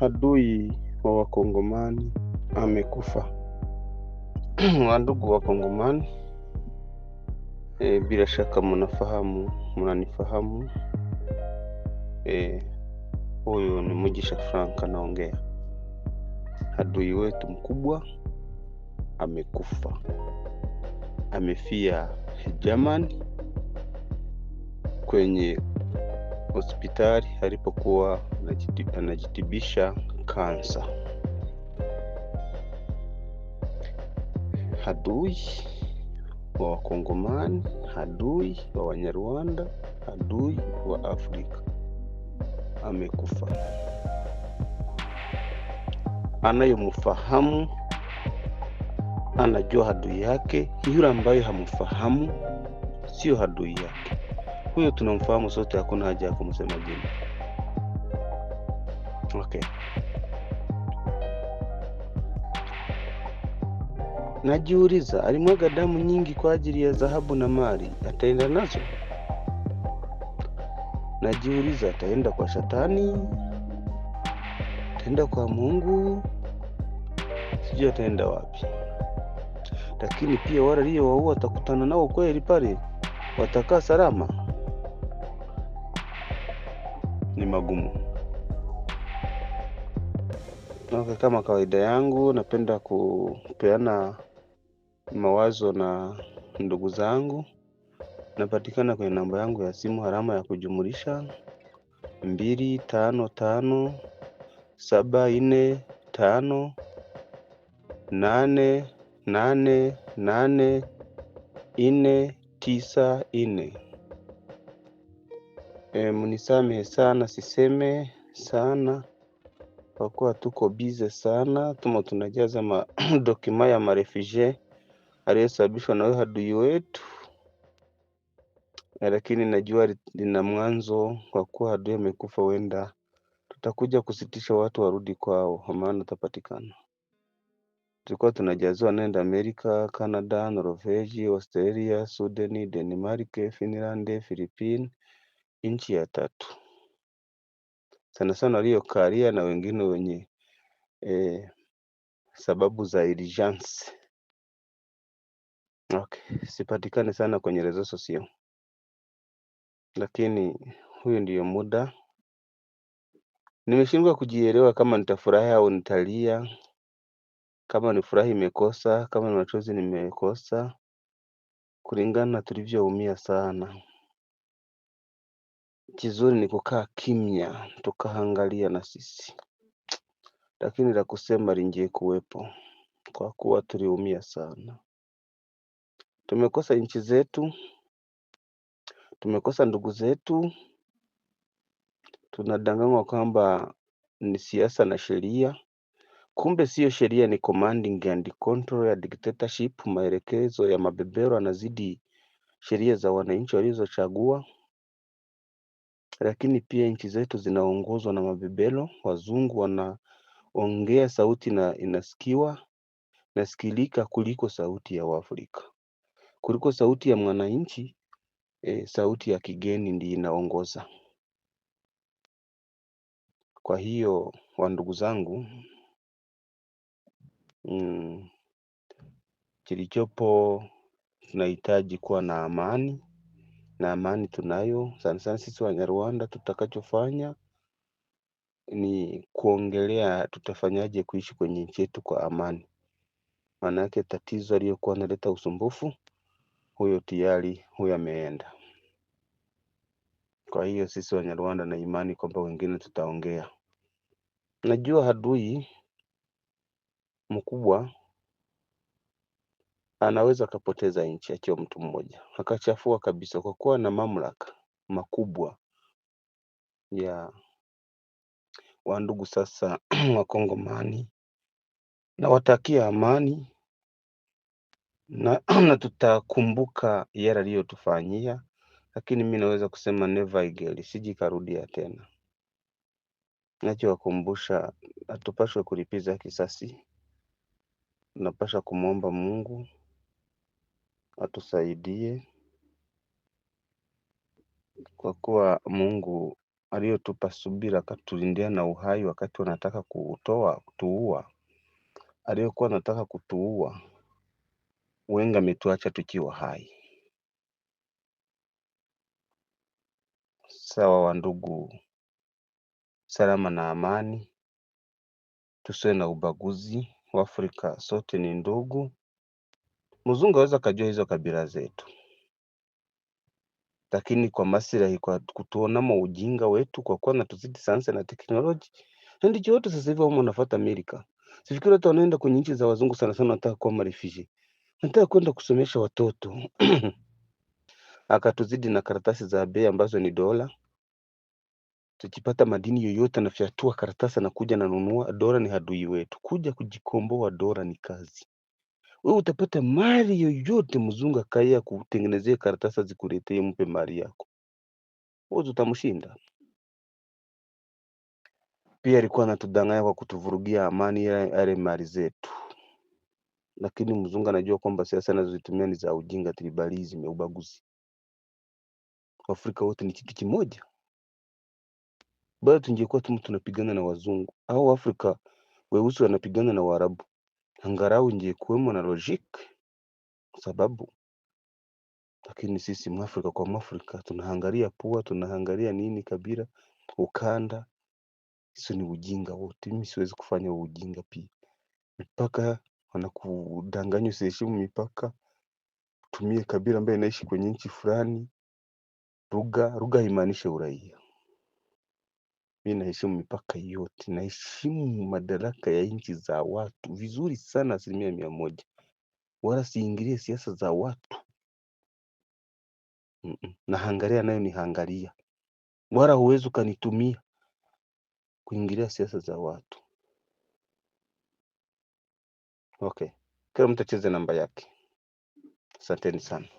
Adui wa wakongomani amekufa. Wandugu wakongomani, e, bila shaka mnafahamu, mnanifahamu. E, huyu ni mujisha Frank anaongea. Adui wetu mkubwa amekufa, amefia Germany kwenye hospitali alipokuwa anajitibisha kansa. hadui wa Wakongomani, hadui wa Wanyarwanda, hadui wa Afrika amekufa. anayomfahamu anajua hadui yake, yule ambayo hamfahamu sio hadui yake huyo tunamfahamu sote, hakuna haja ya kumsema jina. Okay, najiuliza, alimwaga damu nyingi kwa ajili ya dhahabu na mali, ataenda nazo? Najiuliza, ataenda kwa Shatani, Ataenda kwa Mungu? Sijui ataenda wapi, lakini pia wale aliyowaua watakutana nao kweli pale? Watakaa salama? ni magumu. Okay, kama kawaida yangu napenda kupeana mawazo na ndugu zangu. Napatikana kwenye namba yangu ya simu alama ya kujumulisha mbili tano tano saba nne tano nane nane nane nne tisa nne. E, eh, mnisamehe sana, siseme sana kwa kuwa tuko bize sana, tumo tunajaza ma dokima ya marefugee aliyosababishwa na huyo adui wetu, eh, lakini najua lina mwanzo kwa kuwa adui amekufa. Huenda tutakuja kusitisha watu warudi kwao, maana utapatikana. Tulikuwa tunajazwa naenda Amerika, Canada, Norvegi, Australia, Sudeni, Denmark, Finland, Philippines nchi ya tatu, sana sana waliokalia na wengine wenye eh, sababu za urgence. Okay, sipatikane sana kwenye rezo sosio, lakini huyu ndiyo muda. Nimeshindwa kujielewa kama nitafurahi au nitalia, kama ni furahi imekosa, kama ni machozi nimekosa, kulingana tulivyoumia sana. Kizuri ni kukaa kimya, tukaangalia na sisi, lakini la kusema lingie kuwepo, kwa kuwa tuliumia sana. Tumekosa nchi zetu, tumekosa ndugu zetu, tunadanganywa kwamba ni siasa na sheria, kumbe siyo. Sheria ni commanding and control ya dictatorship. Maelekezo ya mabeberu yanazidi sheria za wananchi walizochagua lakini pia nchi zetu zinaongozwa na mabebelo. Wazungu wanaongea sauti na inasikiwa nasikilika kuliko sauti ya Waafrika, kuliko sauti ya mwananchi. E, sauti ya kigeni ndiyo inaongoza. Kwa hiyo wa ndugu zangu, mm, kilichopo tunahitaji kuwa na amani na amani tunayo. Sana sana sisi Wanyarwanda, tutakachofanya ni kuongelea tutafanyaje kuishi kwenye nchi yetu kwa amani. Maanake tatizo aliyokuwa analeta usumbufu huyo tayari huyo ameenda. Kwa hiyo sisi Wanyarwanda na imani kwamba wengine tutaongea. Najua adui mkubwa anaweza akapoteza nchi akiwa mtu mmoja, akachafua kabisa, kwa kuwa na mamlaka makubwa ya wandugu sasa Wakongomani nawatakia amani na, na tutakumbuka yale aliyotufanyia, lakini mi naweza kusema never again, siji karudia tena. Nachowakumbusha, hatupashwe kulipiza kisasi, napasha kumwomba Mungu atusaidie kwa kuwa Mungu aliyotupa subira akatulindia na uhai wakati wanataka kutoa kutuua, aliyokuwa anataka kutuua wengi ametuacha tukiwa hai. Sawa wa ndugu, salama na amani, tusiwe na ubaguzi. Waafrika sote ni ndugu mzungu aweza akajua hizo kabila zetu, lakini kwa masilahi, kwa kutuonama ujinga wetu, kwa kuwa natuzidi sayansi na teknoloji na ndicho watu sasa hivi wamo wanafuata Amerika. Sifikiri hata wanaenda kwenye nchi za wazungu sana sana, nataka kuwa marifiji, nataka kwenda kusomesha watoto akatuzidi na karatasi za bei ambazo ni dola. Tukipata madini yoyote anafyatua karatasi, anakuja nanunua. Dora ni adui wetu, kuja kujikomboa dora ni kazi wewe utapata mali yoyote mzungu akaya kutengenezea karatasi zikuletee, mpe mali yako, wewe utamshinda. Pia alikuwa anatudanganya kwa kutuvurugia amani yale mali zetu, lakini mzungu anajua kwamba siasa anazozitumia ni za ujinga, tribalism, ubaguzi. Afrika wote ni kitu kimoja, bado tungekuwa tu tunapigana na wazungu au Afrika weusi wanapigana na Waarabu angalau ingekuwemo na logic kwa sababu, lakini sisi Mwafrika kwa Mwafrika tunaangalia pua, tunaangalia nini, kabila, ukanda. Hizo ni ujinga wote, mimi siwezi kufanya ujinga. Pia mipaka, wanakudanganya usiheshimu mipaka, tumie kabila ambayo inaishi kwenye nchi fulani. Lugha, lugha haimaanishi uraia mi naheshimu mipaka yote, naheshimu madaraka ya nchi za watu vizuri sana asilimia mia moja, wala siingilie siasa za watu mm -mm. hangaria nayo hangaria wala huwezi ukanitumia kuingilia siasa za watu okay. Kila mtu acheze namba yake. Asanteni sana.